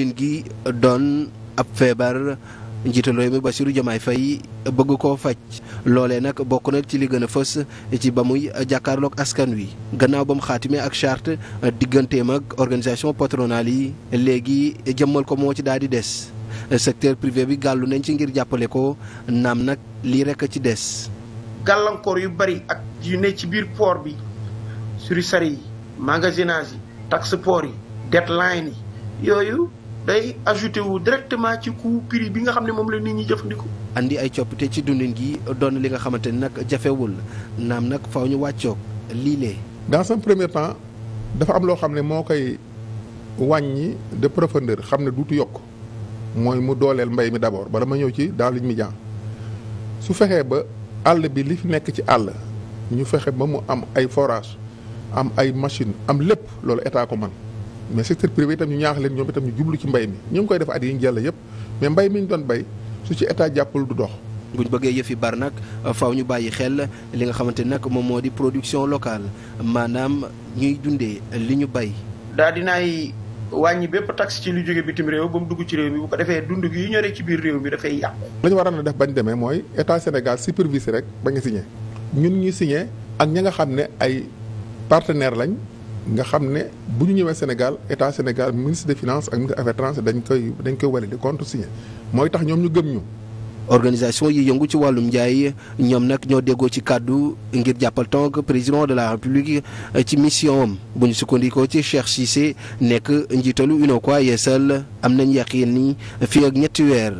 tin gi doon ab feebar njiital réew mi Bassirou Diomaye Faye bëgg koo faj loolee nag bokk na ci li gën a fës ci ba muy jàkkaarloog askan wi gannaaw ba mu xaatimee ak charte digganteem ak organisation patronale yi léegi jëmmal ko moo ci daal di des secteur privé bi gàllu nañ ci ngir jàppale ko naam nag lii rek ci des. gàllankoor yu bari ak yu ne ci biir port bi suri yi magasinage yi taxe port yi deadline yi yooyu. day ajouté wu directement ci ku prix bi nga xam ne moom la nit ñi jëfandikoo. andi ay coppite ci dundin gi doon li nga xamante ni nag jafewul naam nag faw ñu wàccoog lii lee. dans un première temps dafa am loo xam ne moo koy wàññi de profondeur xam ne duutu yokk mooy mu dooleel mbay mi d'abord bala ma ñëw ci dans le médian su fexee ba àll bi li fi nekk ci àll ñu fexe ba mu am ay forage am ay machine am lépp loolu état ko man mais secteur privé itam ñu ñaax leen ñoom itam ñu jublu ci mbay mi ñu ngi koy def at yi ñu jàll yëpp mais mbay mi ñu doon bay su ci état jàppal du dox. bu ñu bëggee yëf yi bar nag faw ñu bàyyi xel li nga xamante nag moom moo di production locale maanaam ñuy dundee li ñu bay. di dinaay wàññi bépp tax ci lu jóge bitim réew ba mu dugg ci réew mi bu ko defee dund gi yu ñoree ci biir réew mi dafay yàqu. la ñu waroon a def bañ demee mooy état Sénégal supervise rek ba nga ñun ñu signé ak ñi nga xam ne ay partenaires lañ. nga xam ne bu ñu ñëwee Sénégal état Sénégal ministre de finance ak ministre affaires étrangères dañ koy dañ koy wari di contre signé mooy tax ñoom ñu gëm ñu. organisation yi yëngu ci wàllum njaay ñoom nag ñoo déggoo ci kàddu ngir jàppal tànk président de la république ci mission am bu ñu sukkandikoo ci Cheikh Cissé nekk njiitalu UNACOIS Yeessal am nañ yaqin ni fii ak ñetti weer.